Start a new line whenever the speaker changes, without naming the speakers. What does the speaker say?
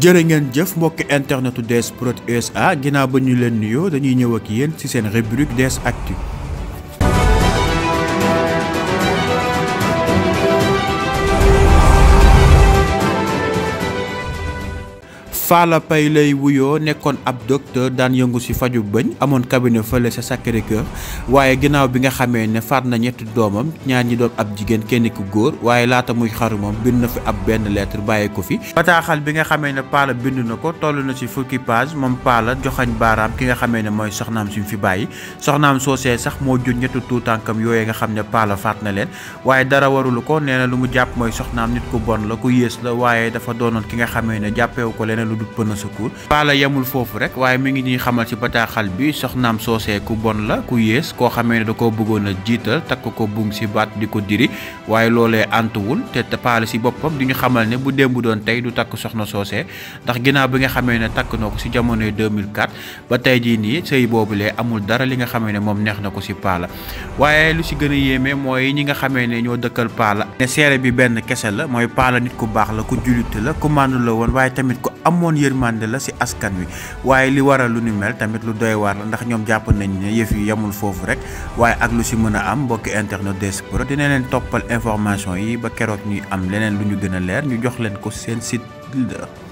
jërë ngeen jëf mbokki internetu DS Prod USA ginnaaw ba ñu leen nuyoo dañuy ñëw ak yéen ci seen rubrique DS Actu Falla Paye lay wuyoo nekkoon ab docteur daan yëngu ci faju bëñ amoon cabinet fële sa sacré waaye ginnaaw bi nga xamee ne faat na ñetti doomam ñaar ñi doon ab jigéen kenn ku góor waaye laata muy xaru moom bind na fi ab benn lettre bàyyi ko fi bataaxal bi nga xamee ne Palla bind na ko toll na ci fukki page moom Palla joxañ baaraam ki nga xamee ne mooy soxnaam suñ fi bàyyi soxnaam soosee sax moo jur ñetti tuutànkam yooyee nga xam ne Palla faat na leen waaye dara warulu ko nee lu mu jàpp mooy soxnaam nit ku bon la ku ne du pën a secours Pala yemul foofu rek waaye mi ngi ñuy xamal ci bataaxal bi soxnaam soosee ku bon la ku yées koo xamee ne da koo bëggoon a jiital takk ko buum si baat di ko diri waaye loolee antuwul te Pala si boppam du ñu xamal ne bu bu doon tey du takk soxna soosee ndax ginnaaw bi nga xamee ne takk na ko si jamonoy 2004 ba tey jii nii sëy boobulee amul dara li nga xamee ne moom neex na ko si Pala waaye lu si gën a yéeme mooy ñi nga xamee ne ñoo dëkkal Pala ne seere bi benn kese la mooy Pala nit ku la amoon yërmande la si askan wi waaye li waral lu ni mel tamit lu doy waar ndax ñoom jàpp nañ ne yëf yi yamul foofu rek waaye ak lu si mën a am mbokki internet DS Prod dina leen toppal information yi ba keroog ñuy am leneen lu ñu gën a leer ñu jox leen ko seen site